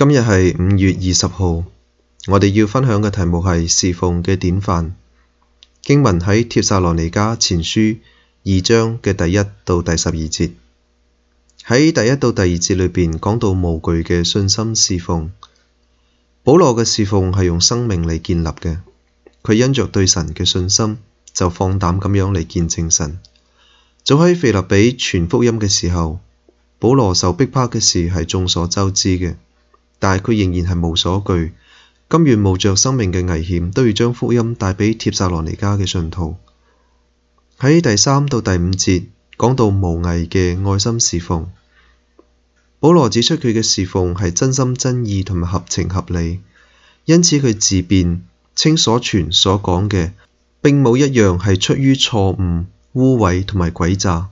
今日係五月二十號，我哋要分享嘅題目係侍奉嘅典範。經文喺帖撒羅尼迦前書二章嘅第一到第十二節。喺第一到第二節裏邊講到無懼嘅信心侍奉，保羅嘅侍奉係用生命嚟建立嘅。佢因着對神嘅信心，就放膽咁樣嚟見證神。早喺腓立比傳福音嘅時候，保羅受逼迫嘅事係眾所周知嘅。但係佢仍然係無所懼，甘願冒着生命嘅危險，都要將福音帶畀帖撒羅尼加嘅信徒。喺第三到第五節講到無偽嘅愛心侍奉，保羅指出佢嘅侍奉係真心真意同埋合情合理，因此佢自辯，稱所傳所講嘅，並冇一樣係出於錯誤、污穢同埋詭詐，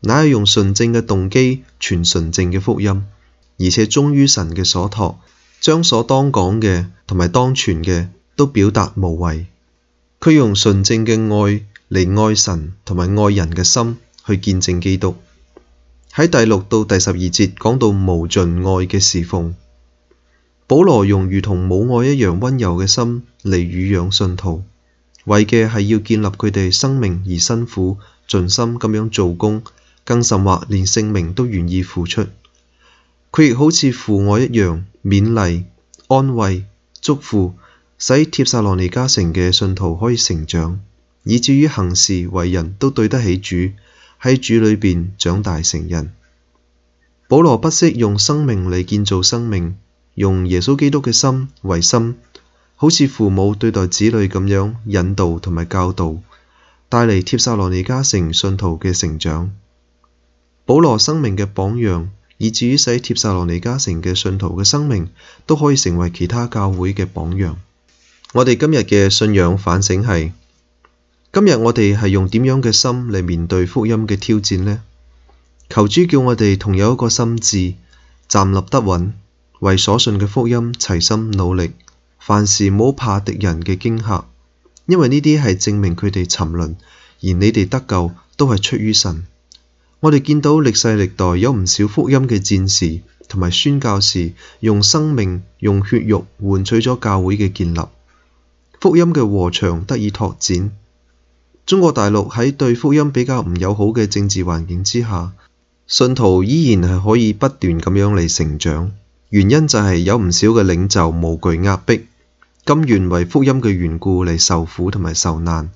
乃係用純正嘅動機傳純正嘅福音。而且忠於神嘅所託，將所當講嘅同埋當傳嘅都表達無遺。佢用純正嘅愛嚟愛神同埋愛人嘅心去見證基督。喺第六到第十二節講到無盡愛嘅侍奉，保羅用如同母愛一樣溫柔嘅心嚟撫養信徒，為嘅係要建立佢哋生命而辛苦盡心咁樣做工，更甚或連性命都願意付出。佢亦好似父愛一樣勉勵、安慰、祝福，使帖撒羅尼迦城嘅信徒可以成長，以至於行事為人都對得起主，喺主裏邊長大成人。保羅不惜用生命嚟建造生命，用耶穌基督嘅心為心，好似父母對待子女咁樣引導同埋教導，帶嚟帖撒羅尼迦城信徒嘅成長。保羅生命嘅榜樣，以至於使帖撒羅尼迦城嘅信徒嘅生命都可以成為其他教會嘅榜樣。我哋今日嘅信仰反省係：今日我哋係用點樣嘅心嚟面對福音嘅挑戰呢？求主叫我哋同有一個心志，站立得穩，為所信嘅福音齊心努力，凡事唔好怕敵人嘅驚嚇，因為呢啲係證明佢哋沉淪，而你哋得救都係出於神。我哋見到歷世歷代有唔少福音嘅戰士同埋宣教士，用生命、用血肉換取咗教會嘅建立，福音嘅禾場得以拓展。中國大陸喺對福音比較唔友好嘅政治環境之下，信徒依然係可以不斷咁樣嚟成長。原因就係有唔少嘅領袖無懼壓迫，甘願為福音嘅緣故嚟受苦同埋受難。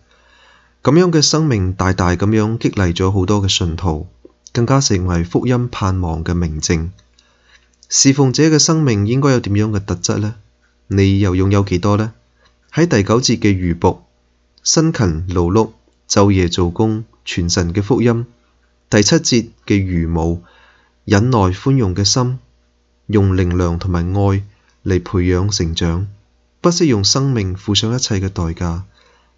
咁樣嘅生命大大咁樣激勵咗好多嘅信徒，更加成為福音盼望嘅明證。事奉者嘅生命應該有點樣嘅特質呢？你又擁有幾多呢？喺第九節嘅如僕，辛勤勞碌，晝夜做工，傳神嘅福音。第七節嘅如母，忍耐寬容嘅心，用靈糧同埋愛嚟培養成長，不惜用生命付上一切嘅代價。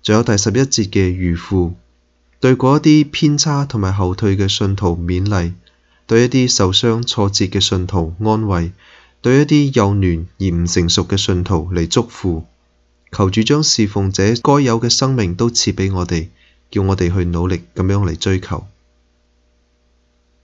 仲有第十一節嘅漁父，對嗰一啲偏差同埋後退嘅信徒勉勵，對一啲受傷挫折嘅信徒安慰，對一啲幼嫩而唔成熟嘅信徒嚟祝福，求主將事奉者該有嘅生命都賜畀我哋，叫我哋去努力咁樣嚟追求。